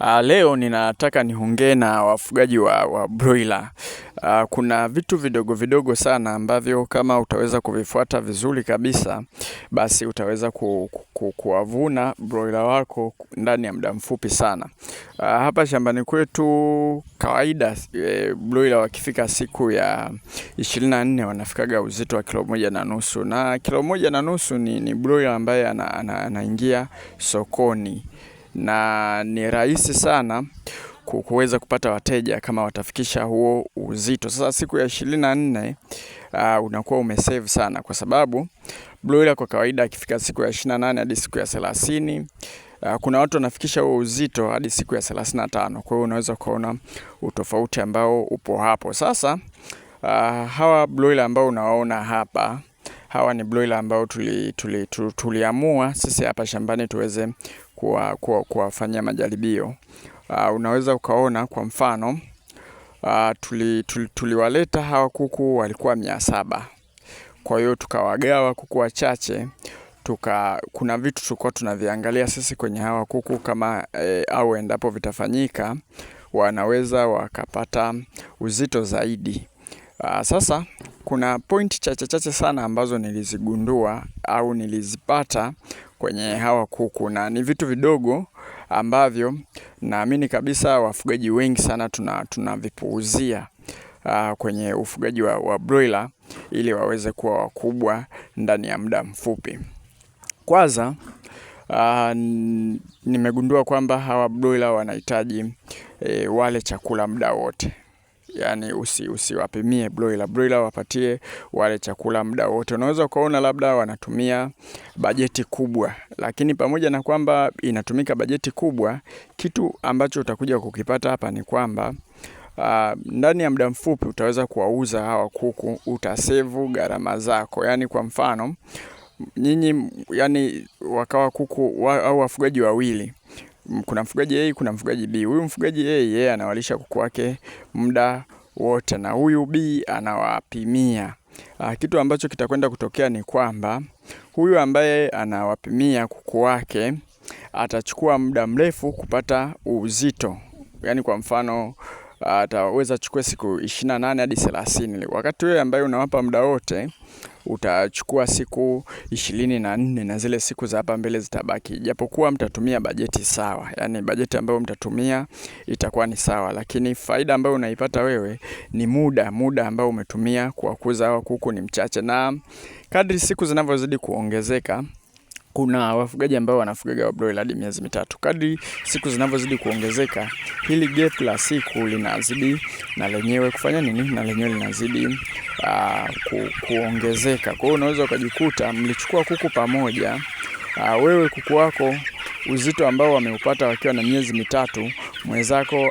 Uh, leo ninataka niongee na wafugaji wa, wa broiler. Uh, kuna vitu vidogo vidogo sana ambavyo kama utaweza kuvifuata vizuri kabisa basi utaweza ku, ku, ku, kuwavuna broiler wako ndani ya muda mfupi sana. Uh, hapa shambani kwetu kawaida e, broiler wakifika siku ya ishirini na nne wanafikaga uzito wa kilo moja na nusu na kilo moja na nusu ni, ni broiler ambaye anaingia ana, ana sokoni na ni rahisi sana kuweza kupata wateja kama watafikisha huo uzito. Sasa siku ya ishirini na nne uh, unakuwa umesave sana, kwa sababu broiler kwa kawaida akifika siku ya ishirini na nane hadi siku ya thelathini uh, kuna watu wanafikisha huo uzito hadi siku ya thelathini na tano Kwa hiyo unaweza ukaona utofauti ambao upo hapo. Sasa uh, hawa broiler ambao unawaona hapa hawa ni broiler ambao tuliamua tuli, tuli, tuli sisi hapa shambani tuweze kuwafanyia majaribio. Uh, unaweza ukaona kwa mfano uh, ah, tuliwaleta tuli, tuli hawa kuku walikuwa mia saba. Kwa hiyo tukawagawa kuku wachache tuka, kuna vitu tulikuwa tunaviangalia sisi kwenye hawa kuku kama e, au endapo vitafanyika wanaweza wakapata uzito zaidi. Aa, ah, sasa kuna pointi chache chache sana ambazo nilizigundua au nilizipata kwenye hawa kuku, na ni vitu vidogo ambavyo naamini kabisa wafugaji wengi sana tunavipuuzia uh, kwenye ufugaji wa, wa broiler ili waweze kuwa wakubwa ndani ya muda mfupi. Kwanza uh, nimegundua kwamba hawa broiler wanahitaji e, wale chakula muda wote yani usiwapimie usi broila. Broila wapatie wale chakula muda wote. Unaweza ukaona labda wanatumia bajeti kubwa, lakini pamoja na kwamba inatumika bajeti kubwa, kitu ambacho utakuja kukipata hapa ni kwamba Uh, ndani ya muda mfupi utaweza kuwauza hawa kuku, utasevu gharama zako. Yani kwa mfano nyinyi, yani wakawa kuku wa, au wafugaji wawili kuna mfugaji A, kuna mfugaji B. Huyu mfugaji A yeye anawalisha kuku wake muda wote na huyu B anawapimia. Ah, kitu ambacho kitakwenda kutokea ni kwamba huyu ambaye anawapimia kuku wake atachukua muda mrefu kupata uzito, yaani kwa mfano ataweza chukua siku 28 na nane hadi 30 wakati wewe ambaye unawapa muda wote utachukua siku ishirini na nne na zile siku za hapa mbele zitabaki, japokuwa mtatumia bajeti sawa, yani bajeti ambayo mtatumia itakuwa ni sawa, lakini faida ambayo unaipata wewe ni muda muda ambao umetumia kuwakuza hawa kuku ni mchache, na kadri siku zinavyozidi kuongezeka kuna wafugaji ambao wanafugaga broiler hadi miezi mitatu. Kadri siku zinavyozidi kuongezeka, hili gap la siku linazidi na lenyewe kufanya nini? Na lenyewe linazidi aa, ah, ku, kuongezeka. Kwa hiyo unaweza ukajikuta mlichukua kuku pamoja aa, ah, wewe kuku wako uzito ambao wameupata wakiwa na miezi mitatu, mwenzako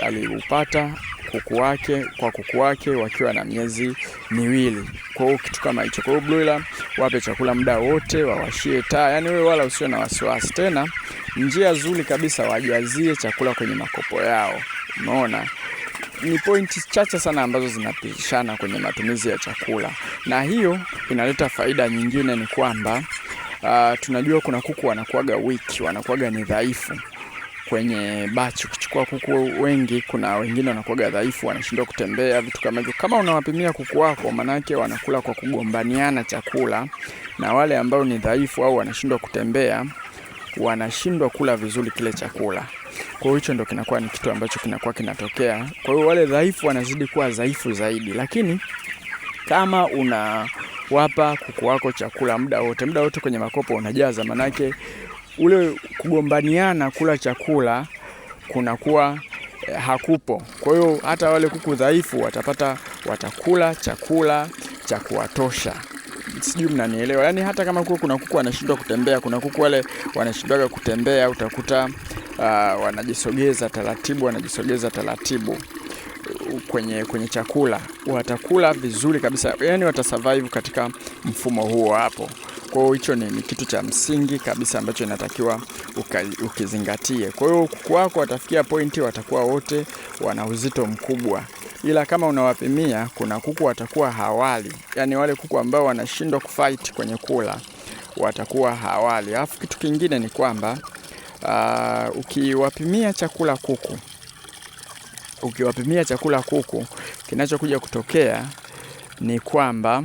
aliupata ali kuku wake kwa kuku wake wakiwa na miezi miwili. Kwa hiyo kitu kama hicho. Kwa hiyo broiler wape chakula muda wote, wawashie taa, yani wewe wala usiwe na wasiwasi. Tena njia nzuri kabisa, wajazie chakula kwenye makopo yao. Umeona, ni pointi chache sana ambazo zinapishana kwenye matumizi ya chakula, na hiyo inaleta faida nyingine, ni kwamba uh, tunajua kuna kuku wanakuaga wiki, wanakuaga ni dhaifu kwenye bachi kuchukua kuku wengi, kuna wengine wanakuwa dhaifu, wanashindwa kutembea, vitu kama hivyo. Kama unawapimia kuku wako, manake wanakula kwa kugombaniana chakula, na wale ambao ni dhaifu au wanashindwa kutembea wanashindwa kula vizuri kile chakula. Kwa hiyo hicho ndio kinakuwa ni kitu ambacho kinakuwa kinatokea. Kwa hiyo wale dhaifu wanazidi kuwa dhaifu zaidi, lakini kama unawapa kuku wako chakula muda wote, muda wote kwenye makopo unajaza, manake ule kugombaniana kula chakula kunakuwa eh, hakupo. Kwa hiyo hata wale kuku dhaifu watapata, watakula chakula cha kuwatosha. Sijui mnanielewa. Yani hata kama kuwa kuna kuku wanashindwa kutembea, kuna kuku wale wanashindwaga kutembea, utakuta uh, wanajisogeza taratibu, wanajisogeza taratibu kwenye kwenye chakula, watakula vizuri kabisa, yani watasurvive katika mfumo huo hapo. Kwa hiyo hicho ni kitu cha msingi kabisa ambacho inatakiwa ukizingatie. Kwa hiyo kuku wako watafikia pointi, watakuwa wote wana uzito mkubwa, ila kama unawapimia, kuna kuku watakuwa hawali, yaani wale kuku ambao wanashindwa kufight kwenye kula watakuwa hawali. Alafu kitu kingine ni kwamba uh, ukiwapimia chakula kuku ukiwapimia chakula kuku, kinachokuja kutokea ni kwamba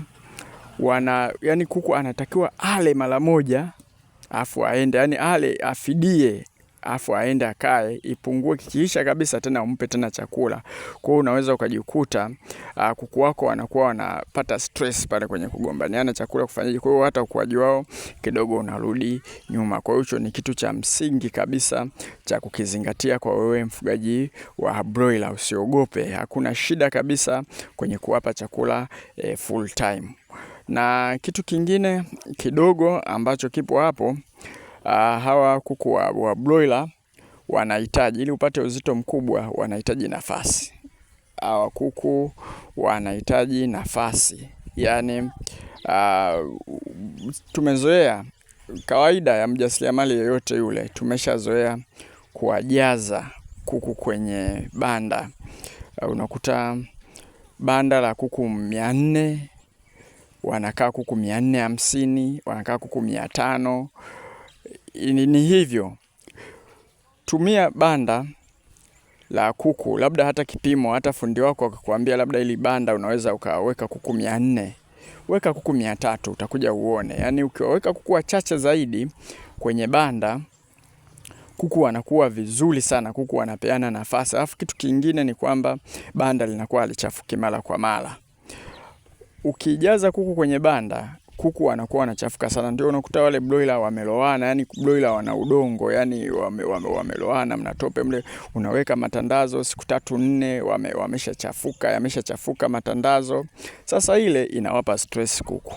wana yani, kuku anatakiwa ale mara moja afu aende, yani ale afidie afu aende akae ipungue, kikiisha kabisa tena umpe tena chakula. Kwa hiyo unaweza ukajikuta uh, kuku wako wanakuwa wanapata stress pale kwenye kugombaniana chakula kufanyaje. Kwa hiyo hata ukuaji wao kidogo unarudi nyuma. Kwa hiyo hicho ni kitu cha msingi kabisa cha kukizingatia kwa wewe mfugaji wa broiler. Usiogope, hakuna shida kabisa kwenye kuwapa chakula eh, full time. Na kitu kingine kidogo ambacho kipo hapo, uh, hawa kuku wa, wa broiler wanahitaji ili upate uzito mkubwa, wanahitaji nafasi. Hawa kuku wanahitaji nafasi, yaani uh, tumezoea kawaida ya mjasiriamali yeyote yule, tumeshazoea kuwajaza kuku kwenye banda. Uh, unakuta banda la kuku mia nne wanakaa kuku mia nne hamsini wanakaa kuku mia tano Ni hivyo, tumia banda la kuku, labda hata kipimo, hata fundi wako akakwambia labda ili banda unaweza ukaweka kuku mia nne weka kuku mia tatu utakuja uone. Yaani ukiwaweka kuku wachache zaidi kwenye banda kuku wanakuwa vizuri sana, kuku wanapeana nafasi. Alafu kitu kingine ni kwamba banda linakuwa halichafuki mara kwa mara ukijaza kuku kwenye banda kuku anakuwa wanachafuka sana, ndio unakuta wale broila wameloana, yani broila wana udongo, yani wame, wame, wameloana, mnatope mle, unaweka matandazo siku tatu nne, wame, wameshachafuka, yameshachafuka matandazo. Sasa ile inawapa stress kuku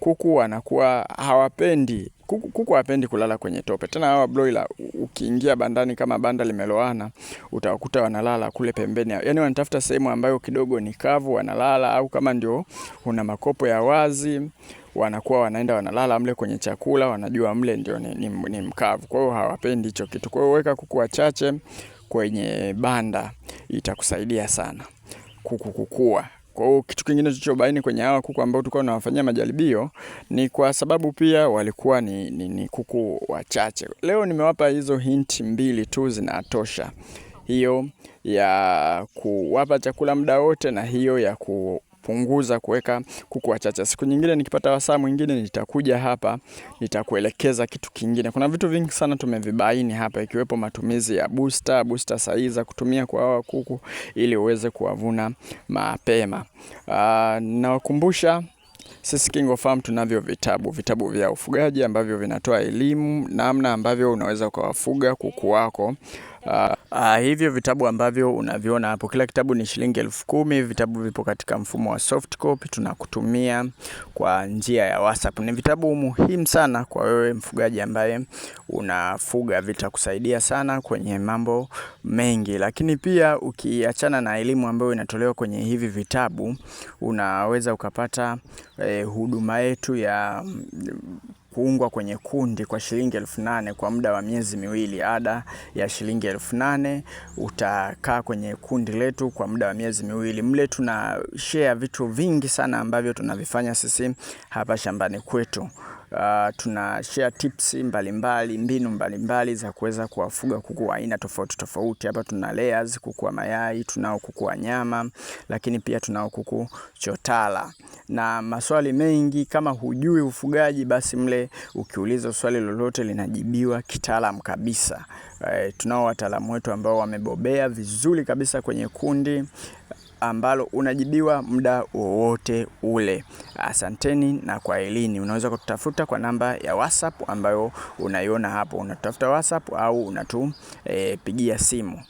kuku wanakuwa hawapendi kuku, kuku hapendi kulala kwenye tope. Tena hawa broiler ukiingia bandani kama banda limeloana, utawakuta wanalala kule pembeni, yaani wanatafuta sehemu ambayo kidogo ni kavu, wanalala au kama ndio una makopo ya wazi wanakuwa wanaenda wanalala mle kwenye chakula, wanajua mle ndio ni, ni, ni mkavu, kwa hiyo hawapendi hicho kitu. Kwa hiyo weka kuku wachache kwenye banda, itakusaidia sana kuku kukua. Kwa kitu kingine tulichobaini kwenye hawa kuku ambao tulikuwa tunawafanyia majaribio ni kwa sababu pia walikuwa ni, ni, ni kuku wachache. Leo nimewapa hizo hint mbili tu zinatosha, hiyo ya kuwapa chakula muda wote na hiyo ya ku kupunguza, kuweka kuku wachache. Siku nyingine nikipata wasaa mwingine nitakuja hapa nitakuelekeza kitu kingine. Kuna vitu vingi sana tumevibaini hapa, ikiwepo matumizi ya booster, booster sahihi za kutumia kwa hawa kuku ili uweze kuwavuna mapema. Ah, nawakumbusha sisi Kingo Farm tunavyo vitabu, vitabu vya ufugaji ambavyo vinatoa elimu namna ambavyo unaweza ukawafuga kuku wako. Uh, hivyo vitabu ambavyo unaviona hapo, kila kitabu ni shilingi elfu kumi. Vitabu vipo katika mfumo wa soft copy, tunakutumia kwa njia ya WhatsApp. Ni vitabu muhimu sana kwa wewe mfugaji ambaye unafuga, vitakusaidia sana kwenye mambo mengi, lakini pia ukiachana na elimu ambayo inatolewa kwenye hivi vitabu, unaweza ukapata eh, huduma yetu ya kuungwa kwenye kundi kwa shilingi elfu nane kwa muda wa miezi miwili. Ada ya shilingi elfu nane utakaa kwenye kundi letu kwa muda wa miezi miwili. Mle tuna share vitu vingi sana ambavyo tunavifanya sisi hapa shambani kwetu. Uh, tuna share tips mbalimbali mbali, mbinu mbalimbali mbali za kuweza kuwafuga kuku wa aina tofauti tofauti. Hapa tuna layers, kuku wa mayai, tunao kuku wa nyama, lakini pia tunao kuku chotala. Na maswali mengi, kama hujui ufugaji, basi mle ukiuliza swali lolote linajibiwa kitaalam kabisa. E, tunao wataalamu wetu ambao wamebobea vizuri kabisa kwenye kundi ambalo unajibiwa muda wowote ule. Asanteni na kwa elini. Unaweza kututafuta kwa namba ya WhatsApp ambayo unaiona hapo, unatafuta WhatsApp au unatupigia eh, e, simu.